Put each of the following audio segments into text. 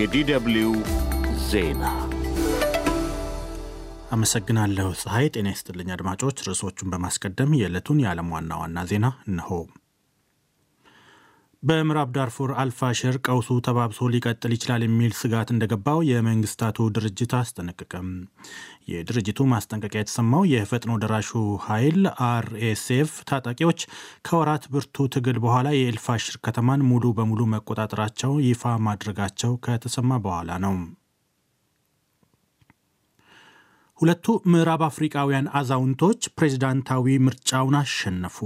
የዲደብሊው ዜና አመሰግናለሁ ፀሐይ። ጤና ይስጥልኝ አድማጮች። ርዕሶቹን በማስቀደም የዕለቱን የዓለም ዋና ዋና ዜና እነሆ። በምዕራብ ዳርፉር አልፋሽር ቀውሱ ተባብሶ ሊቀጥል ይችላል የሚል ስጋት እንደገባው የመንግስታቱ ድርጅት አስጠነቀቀም። የድርጅቱ ማስጠንቀቂያ የተሰማው የፈጥኖ ደራሹ ኃይል አርኤስኤፍ ታጣቂዎች ከወራት ብርቱ ትግል በኋላ የኤልፋሽር ከተማን ሙሉ በሙሉ መቆጣጠራቸው ይፋ ማድረጋቸው ከተሰማ በኋላ ነው። ሁለቱ ምዕራብ አፍሪቃውያን አዛውንቶች ፕሬዝዳንታዊ ምርጫውን አሸነፉ።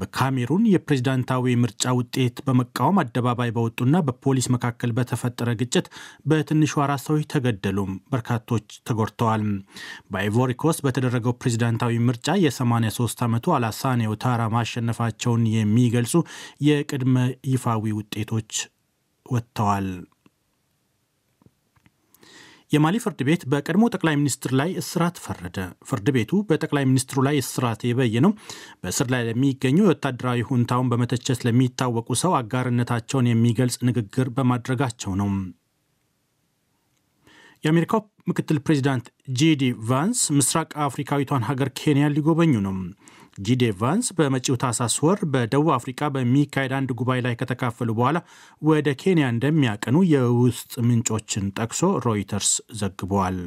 በካሜሩን የፕሬዝዳንታዊ ምርጫ ውጤት በመቃወም አደባባይ በወጡና በፖሊስ መካከል በተፈጠረ ግጭት በትንሹ አራት ሰዎች ተገደሉ፣ በርካቶች ተጎድተዋል። በአይቮሪኮስ በተደረገው ፕሬዝዳንታዊ ምርጫ የ83 ዓመቱ አላሳኔ ኦታራ ማሸነፋቸውን የሚገልጹ የቅድመ ይፋዊ ውጤቶች ወጥተዋል። የማሊ ፍርድ ቤት በቀድሞ ጠቅላይ ሚኒስትር ላይ እስራት ፈረደ። ፍርድ ቤቱ በጠቅላይ ሚኒስትሩ ላይ እስራት የበየነው በእስር ላይ ለሚገኙ የወታደራዊ ሁንታውን በመተቸት ለሚታወቁ ሰው አጋርነታቸውን የሚገልጽ ንግግር በማድረጋቸው ነው። የአሜሪካው ምክትል ፕሬዚዳንት ጄዲ ቫንስ ምስራቅ አፍሪካዊቷን ሀገር ኬንያ ሊጎበኙ ነው። ጊዴ ቫንስ በመጪው ታሳስ ወር በደቡብ አፍሪካ በሚካሄድ አንድ ጉባኤ ላይ ከተካፈሉ በኋላ ወደ ኬንያ እንደሚያቀኑ የውስጥ ምንጮችን ጠቅሶ ሮይተርስ ዘግቧል።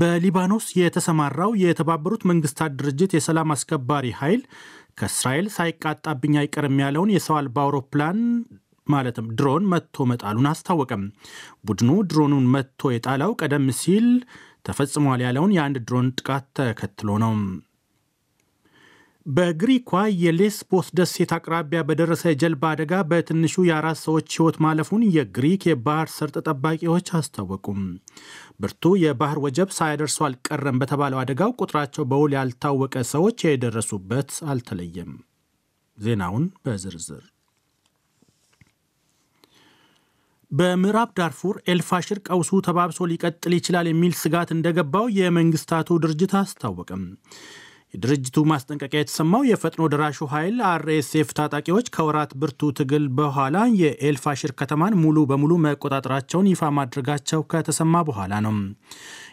በሊባኖስ የተሰማራው የተባበሩት መንግስታት ድርጅት የሰላም አስከባሪ ኃይል ከእስራኤል ሳይቃጣብኝ አይቀርም ያለውን የሰው አልባ አውሮፕላን ማለትም ድሮን መጥቶ መጣሉን አስታወቀም። ቡድኑ ድሮኑን መጥቶ የጣለው ቀደም ሲል ተፈጽሟል ያለውን የአንድ ድሮን ጥቃት ተከትሎ ነው። በግሪኳ የሌስቦስ ደሴት አቅራቢያ በደረሰ የጀልባ አደጋ በትንሹ የአራት ሰዎች ሕይወት ማለፉን የግሪክ የባህር ሰርጥ ጠባቂዎች አስታወቁም። ብርቱ የባህር ወጀብ ሳያደርሱ አልቀረም በተባለው አደጋው ቁጥራቸው በውል ያልታወቀ ሰዎች የደረሱበት አልተለየም። ዜናውን በዝርዝር በምዕራብ ዳርፉር ኤልፋሽር ቀውሱ ተባብሶ ሊቀጥል ይችላል የሚል ስጋት እንደገባው የመንግስታቱ ድርጅት አስታወቀም። የድርጅቱ ማስጠንቀቂያ የተሰማው የፈጥኖ ደራሹ ኃይል አርኤስኤፍ ታጣቂዎች ከወራት ብርቱ ትግል በኋላ የኤልፋሽር ከተማን ሙሉ በሙሉ መቆጣጠራቸውን ይፋ ማድረጋቸው ከተሰማ በኋላ ነው።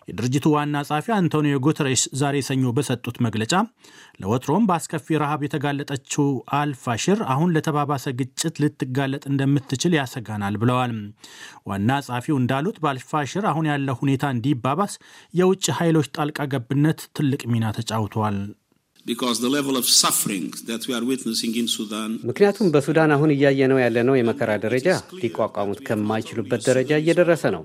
የድርጅቱ ዋና ጸሐፊ አንቶኒዮ ጉተሬሽ ዛሬ ሰኞ በሰጡት መግለጫ ለወትሮም በአስከፊ ረሃብ የተጋለጠችው አልፋሽር አሁን ለተባባሰ ግጭት ልትጋለጥ እንደምትችል ያሰጋናል ብለዋል። ዋና ጸሐፊው እንዳሉት በአልፋሽር አሁን ያለው ሁኔታ እንዲባባስ የውጭ ኃይሎች ጣልቃ ገብነት ትልቅ ሚና ተጫውተዋል። ምክንያቱም በሱዳን አሁን እያየነው ያለነው የመከራ ደረጃ ሊቋቋሙት ከማይችሉበት ደረጃ እየደረሰ ነው።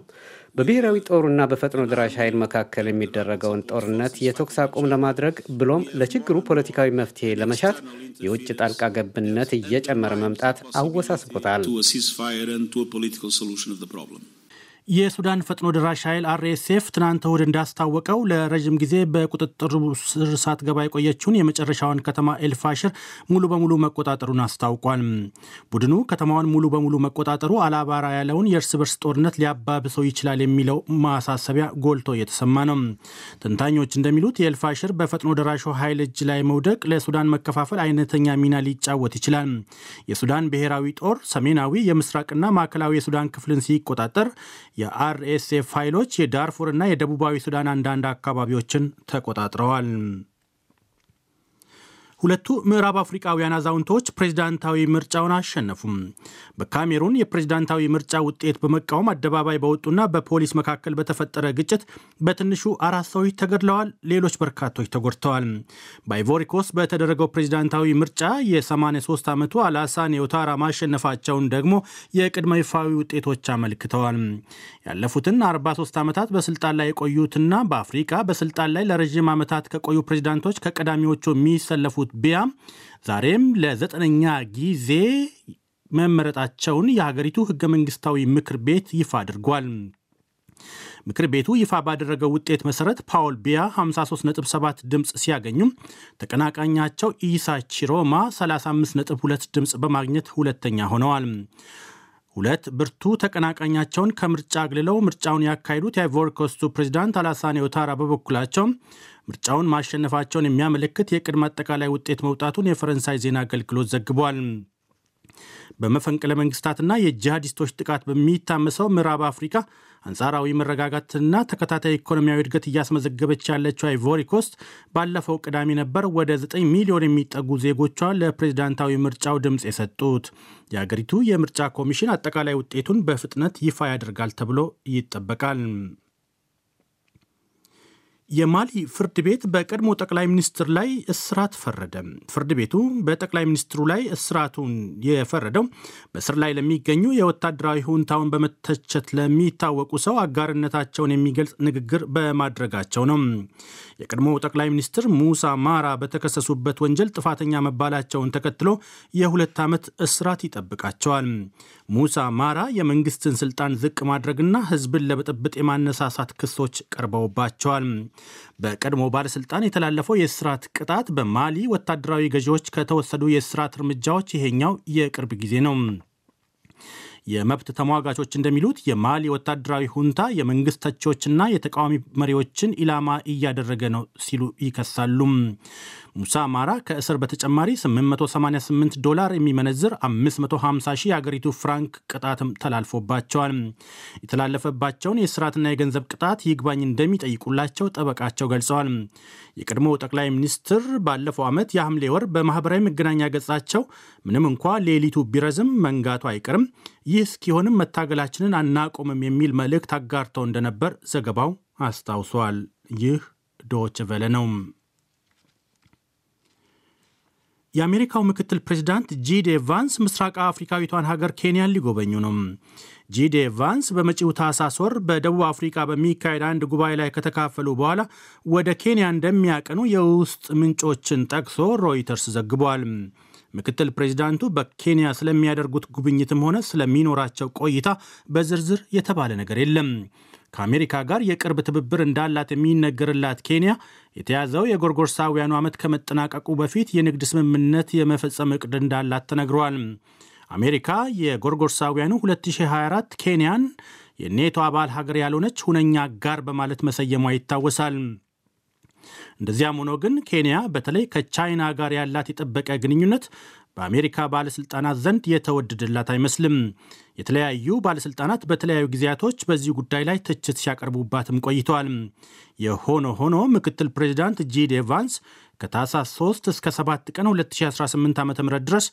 በብሔራዊ ጦሩና በፈጥኖ ድራሽ ኃይል መካከል የሚደረገውን ጦርነት የተኩስ አቁም ለማድረግ ብሎም ለችግሩ ፖለቲካዊ መፍትሄ ለመሻት የውጭ ጣልቃ ገብነት እየጨመረ መምጣት አወሳስቦታል። የሱዳን ፈጥኖ ደራሽ ኃይል አርኤስኤፍ ትናንት እሁድ እንዳስታወቀው ለረዥም ጊዜ በቁጥጥር ስር ሳትገባ የቆየችውን የመጨረሻውን ከተማ ኤልፋሽር ሙሉ በሙሉ መቆጣጠሩን አስታውቋል። ቡድኑ ከተማዋን ሙሉ በሙሉ መቆጣጠሩ አላባራ ያለውን የእርስ በርስ ጦርነት ሊያባብሰው ይችላል የሚለው ማሳሰቢያ ጎልቶ እየተሰማ ነው። ትንታኞች እንደሚሉት የኤልፋሽር በፈጥኖ ደራሹ ኃይል እጅ ላይ መውደቅ ለሱዳን መከፋፈል አይነተኛ ሚና ሊጫወት ይችላል። የሱዳን ብሔራዊ ጦር ሰሜናዊ የምስራቅና ማዕከላዊ የሱዳን ክፍልን ሲቆጣጠር የአርኤስኤፍ ኃይሎች የዳርፉርና የደቡባዊ ሱዳን አንዳንድ አካባቢዎችን ተቆጣጥረዋል። ሁለቱ ምዕራብ አፍሪቃውያን አዛውንቶች ፕሬዝዳንታዊ ምርጫውን አሸነፉም። በካሜሩን የፕሬዝዳንታዊ ምርጫ ውጤት በመቃወም አደባባይ በወጡና በፖሊስ መካከል በተፈጠረ ግጭት በትንሹ አራት ሰዎች ተገድለዋል፣ ሌሎች በርካቶች ተጎድተዋል። በአይቮሪኮስ በተደረገው ፕሬዝዳንታዊ ምርጫ የ83 ዓመቱ አላሳን የውታራ ማሸነፋቸውን ደግሞ የቅድመ ይፋዊ ውጤቶች አመልክተዋል። ያለፉትን 43 ዓመታት በስልጣን ላይ የቆዩትና በአፍሪቃ በስልጣን ላይ ለረዥም ዓመታት ከቆዩ ፕሬዝዳንቶች ከቀዳሚዎቹ የሚሰለፉት ቢያ ዛሬም ለዘጠነኛ ጊዜ መመረጣቸውን የሀገሪቱ ህገ መንግስታዊ ምክር ቤት ይፋ አድርጓል። ምክር ቤቱ ይፋ ባደረገው ውጤት መሰረት ፓውል ቢያ 53.7 ድምፅ ሲያገኙ ተቀናቃኛቸው ኢሳ ቺሮማ 35.2 ድምፅ በማግኘት ሁለተኛ ሆነዋል። ሁለት ብርቱ ተቀናቃኛቸውን ከምርጫ አግልለው ምርጫውን ያካሄዱት የአይቮርኮስቱ ፕሬዚዳንት አላሳኔ ኦታራ በበኩላቸው ምርጫውን ማሸነፋቸውን የሚያመለክት የቅድመ አጠቃላይ ውጤት መውጣቱን የፈረንሳይ ዜና አገልግሎት ዘግቧል። በመፈንቅለ መንግስታትና የጂሃዲስቶች ጥቃት በሚታመሰው ምዕራብ አፍሪካ አንጻራዊ መረጋጋትና ተከታታይ ኢኮኖሚያዊ እድገት እያስመዘገበች ያለችው አይቮሪ ኮስት ባለፈው ቅዳሜ ነበር ወደ 9 ሚሊዮን የሚጠጉ ዜጎቿ ለፕሬዝዳንታዊ ምርጫው ድምፅ የሰጡት። የአገሪቱ የምርጫ ኮሚሽን አጠቃላይ ውጤቱን በፍጥነት ይፋ ያደርጋል ተብሎ ይጠበቃል። የማሊ ፍርድ ቤት በቀድሞ ጠቅላይ ሚኒስትር ላይ እስራት ፈረደ። ፍርድ ቤቱ በጠቅላይ ሚኒስትሩ ላይ እስራቱን የፈረደው በስር ላይ ለሚገኙ የወታደራዊ ሁንታውን በመተቸት ለሚታወቁ ሰው አጋርነታቸውን የሚገልጽ ንግግር በማድረጋቸው ነው። የቀድሞ ጠቅላይ ሚኒስትር ሙሳ ማራ በተከሰሱበት ወንጀል ጥፋተኛ መባላቸውን ተከትሎ የሁለት ዓመት እስራት ይጠብቃቸዋል። ሙሳ ማራ የመንግስትን ስልጣን ዝቅ ማድረግና ህዝብን ለብጥብጥ የማነሳሳት ክሶች ቀርበውባቸዋል። በቀድሞ ባለስልጣን የተላለፈው የእስራት ቅጣት በማሊ ወታደራዊ ገዢዎች ከተወሰዱ የእስራት እርምጃዎች ይሄኛው የቅርብ ጊዜ ነው። የመብት ተሟጋቾች እንደሚሉት የማሊ ወታደራዊ ሁንታ የመንግስት ተቺዎችና የተቃዋሚ መሪዎችን ኢላማ እያደረገ ነው ሲሉ ይከሳሉ። ሙሳ አማራ ከእስር በተጨማሪ 888 ዶላር የሚመነዝር 550 ሺህ የአገሪቱ ፍራንክ ቅጣትም ተላልፎባቸዋል። የተላለፈባቸውን የስርዓትና የገንዘብ ቅጣት ይግባኝ እንደሚጠይቁላቸው ጠበቃቸው ገልጸዋል። የቀድሞ ጠቅላይ ሚኒስትር ባለፈው ዓመት የሐምሌ ወር በማኅበራዊ መገናኛ ገጻቸው ምንም እንኳ ሌሊቱ ቢረዝም መንጋቱ አይቀርም፣ ይህ እስኪሆንም መታገላችንን አናቆምም የሚል መልእክት አጋርተው እንደነበር ዘገባው አስታውሷል። ይህ ዶች ቨለ ነው። የአሜሪካው ምክትል ፕሬዚዳንት ጂዴ ቫንስ ምስራቅ አፍሪካዊቷን ሀገር ኬንያን ሊጎበኙ ነው። ጂዴ ቫንስ በመጪው ታህሳስ ወር በደቡብ አፍሪካ በሚካሄድ አንድ ጉባኤ ላይ ከተካፈሉ በኋላ ወደ ኬንያ እንደሚያቀኑ የውስጥ ምንጮችን ጠቅሶ ሮይተርስ ዘግቧል። ምክትል ፕሬዚዳንቱ በኬንያ ስለሚያደርጉት ጉብኝትም ሆነ ስለሚኖራቸው ቆይታ በዝርዝር የተባለ ነገር የለም። ከአሜሪካ ጋር የቅርብ ትብብር እንዳላት የሚነገርላት ኬንያ የተያዘው የጎርጎርሳውያኑ ዓመት ከመጠናቀቁ በፊት የንግድ ስምምነት የመፈጸም እቅድ እንዳላት ተነግሯል። አሜሪካ የጎርጎርሳውያኑ 2024 ኬንያን የኔቶ አባል ሀገር ያልሆነች ሁነኛ ጋር በማለት መሰየሟ ይታወሳል። እንደዚያም ሆኖ ግን ኬንያ በተለይ ከቻይና ጋር ያላት የጠበቀ ግንኙነት በአሜሪካ ባለሥልጣናት ዘንድ የተወደደላት አይመስልም። የተለያዩ ባለሥልጣናት በተለያዩ ጊዜያቶች በዚህ ጉዳይ ላይ ትችት ሲያቀርቡባትም ቆይተዋል። የሆኖ ሆኖ ምክትል ፕሬዚዳንት ጂድ ቫንስ ከታህሳስ 3 እስከ 7 ቀን 2018 ዓ ም ድረስ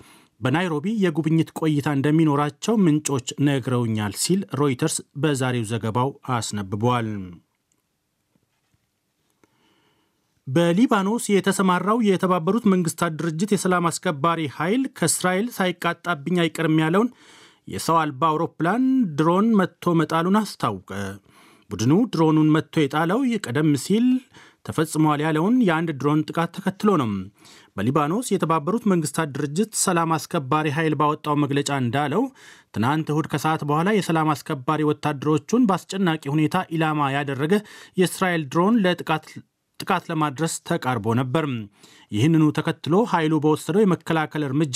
በናይሮቢ የጉብኝት ቆይታ እንደሚኖራቸው ምንጮች ነግረውኛል ሲል ሮይተርስ በዛሬው ዘገባው አስነብቧል። በሊባኖስ የተሰማራው የተባበሩት መንግስታት ድርጅት የሰላም አስከባሪ ኃይል ከእስራኤል ሳይቃጣብኝ አይቀርም ያለውን የሰው አልባ አውሮፕላን ድሮን መጥቶ መጣሉን አስታወቀ። ቡድኑ ድሮኑን መጥቶ የጣለው ቀደም ሲል ተፈጽሟል ያለውን የአንድ ድሮን ጥቃት ተከትሎ ነው። በሊባኖስ የተባበሩት መንግስታት ድርጅት ሰላም አስከባሪ ኃይል ባወጣው መግለጫ እንዳለው ትናንት እሁድ ከሰዓት በኋላ የሰላም አስከባሪ ወታደሮቹን በአስጨናቂ ሁኔታ ኢላማ ያደረገ የእስራኤል ድሮን ለጥቃት ጥቃት ለማድረስ ተቃርቦ ነበር። ይህንኑ ተከትሎ ኃይሉ በወሰደው የመከላከል እርምጃ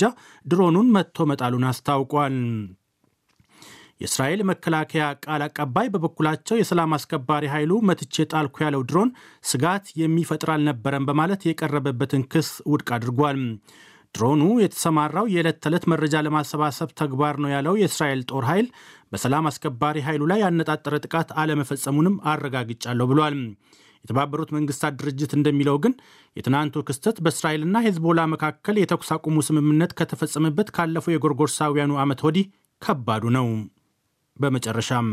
ድሮኑን መጥቶ መጣሉን አስታውቋል። የእስራኤል መከላከያ ቃል አቀባይ በበኩላቸው የሰላም አስከባሪ ኃይሉ መትቼ ጣልኩ ያለው ድሮን ስጋት የሚፈጥር አልነበረም በማለት የቀረበበትን ክስ ውድቅ አድርጓል። ድሮኑ የተሰማራው የዕለት ተዕለት መረጃ ለማሰባሰብ ተግባር ነው ያለው የእስራኤል ጦር ኃይል በሰላም አስከባሪ ኃይሉ ላይ ያነጣጠረ ጥቃት አለመፈጸሙንም አረጋግጫለሁ ብሏል። የተባበሩት መንግስታት ድርጅት እንደሚለው ግን የትናንቱ ክስተት በእስራኤልና ሄዝቦላ መካከል የተኩስ አቁሙ ስምምነት ከተፈጸመበት ካለፈው የጎርጎርሳውያኑ ዓመት ወዲህ ከባዱ ነው። በመጨረሻም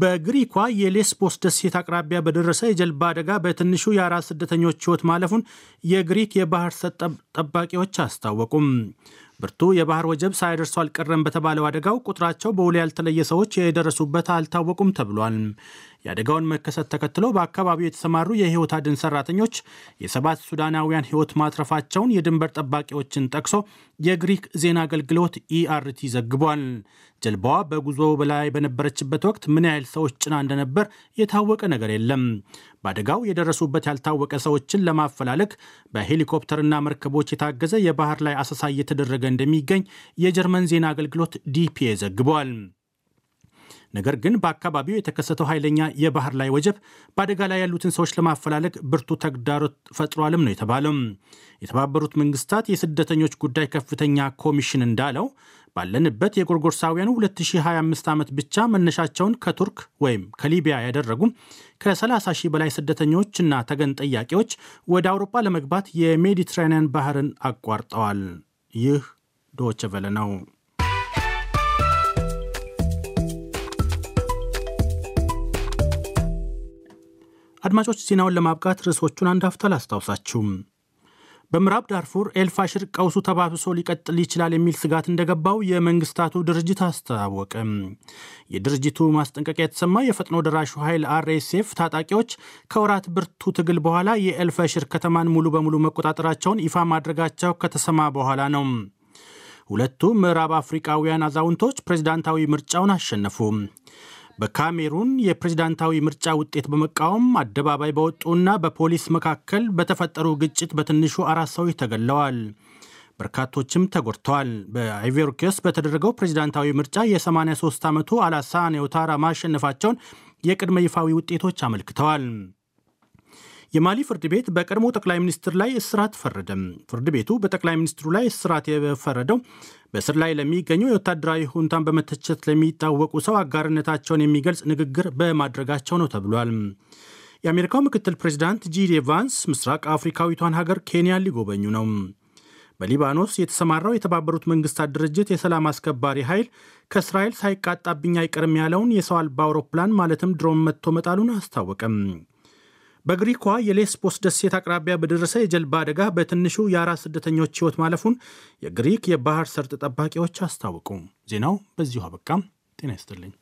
በግሪኳ የሌስቦስ ደሴት አቅራቢያ በደረሰ የጀልባ አደጋ በትንሹ የአራት ስደተኞች ህይወት ማለፉን የግሪክ የባህር ጠባቂዎች አስታወቁም። ብርቱ የባህር ወጀብ ሳይደርሱ አልቀረም በተባለው አደጋው ቁጥራቸው በውል ያልተለየ ሰዎች የደረሱበት አልታወቁም ተብሏል። የአደጋውን መከሰት ተከትሎ በአካባቢው የተሰማሩ የህይወት አድን ሰራተኞች የሰባት ሱዳናውያን ህይወት ማትረፋቸውን የድንበር ጠባቂዎችን ጠቅሶ የግሪክ ዜና አገልግሎት ኢአርቲ e ዘግቧል። ጀልባዋ በጉዞ ላይ በነበረችበት ወቅት ምን ያህል ሰዎች ጭና እንደነበር የታወቀ ነገር የለም። በአደጋው የደረሱበት ያልታወቀ ሰዎችን ለማፈላለግ በሄሊኮፕተርና መርከቦች የታገዘ የባህር ላይ አሰሳ እየተደረገ እንደሚገኝ የጀርመን ዜና አገልግሎት ዲፒኤ ዘግቧል። ነገር ግን በአካባቢው የተከሰተው ኃይለኛ የባህር ላይ ወጀብ በአደጋ ላይ ያሉትን ሰዎች ለማፈላለግ ብርቱ ተግዳሮት ፈጥሯልም ነው የተባለው። የተባበሩት መንግስታት የስደተኞች ጉዳይ ከፍተኛ ኮሚሽን እንዳለው ባለንበት የጎርጎርሳውያኑ 2025 ዓመት ብቻ መነሻቸውን ከቱርክ ወይም ከሊቢያ ያደረጉ ከ30 ሺህ በላይ ስደተኞችና ተገን ጠያቂዎች ወደ አውሮፓ ለመግባት የሜዲትራኒያን ባህርን አቋርጠዋል። ይህ ዶቸቨለ ነው። አድማጮች ዜናውን ለማብቃት ርዕሶቹን አንድ አፍታ ላስታውሳችሁም። በምዕራብ ዳርፉር ኤልፋሽር ቀውሱ ተባብሶ ሊቀጥል ይችላል የሚል ስጋት እንደገባው የመንግስታቱ ድርጅት አስታወቀ። የድርጅቱ ማስጠንቀቂያ የተሰማው የፈጥኖ ደራሹ ኃይል አርኤስኤፍ ታጣቂዎች ከወራት ብርቱ ትግል በኋላ የኤልፋሽር ከተማን ሙሉ በሙሉ መቆጣጠራቸውን ይፋ ማድረጋቸው ከተሰማ በኋላ ነው። ሁለቱ ምዕራብ አፍሪቃውያን አዛውንቶች ፕሬዝዳንታዊ ምርጫውን አሸነፉ። በካሜሩን የፕሬዝዳንታዊ ምርጫ ውጤት በመቃወም አደባባይ በወጡና በፖሊስ መካከል በተፈጠሩ ግጭት በትንሹ አራት ሰዎች ተገለዋል። በርካቶችም ተጎድተዋል። በአይቮሪኮስ በተደረገው ፕሬዝዳንታዊ ምርጫ የ83 ዓመቱ አላሳን ኦታራ ማሸነፋቸውን የቅድመ ይፋዊ ውጤቶች አመልክተዋል። የማሊ ፍርድ ቤት በቀድሞ ጠቅላይ ሚኒስትር ላይ እስራት ፈረደ ፍርድ ቤቱ በጠቅላይ ሚኒስትሩ ላይ እስራት የፈረደው በእስር ላይ ለሚገኙ የወታደራዊ ሁንታን በመተቸት ለሚታወቁ ሰው አጋርነታቸውን የሚገልጽ ንግግር በማድረጋቸው ነው ተብሏል። የአሜሪካው ምክትል ፕሬዚዳንት ጂዲ ቫንስ ምስራቅ አፍሪካዊቷን ሀገር ኬንያን ሊጎበኙ ነው። በሊባኖስ የተሰማራው የተባበሩት መንግስታት ድርጅት የሰላም አስከባሪ ኃይል ከእስራኤል ሳይቃጣብኝ አይቀርም ያለውን የሰው አልባ አውሮፕላን ማለትም ድሮን መጥቶ መጣሉን አስታወቀም። በግሪኳ የሌስቦስ ደሴት አቅራቢያ በደረሰ የጀልባ አደጋ በትንሹ የአራት ስደተኞች ሕይወት ማለፉን የግሪክ የባህር ሰርጥ ጠባቂዎች አስታወቁ። ዜናው በዚሁ አበቃም። ጤና ይስጥልኝ።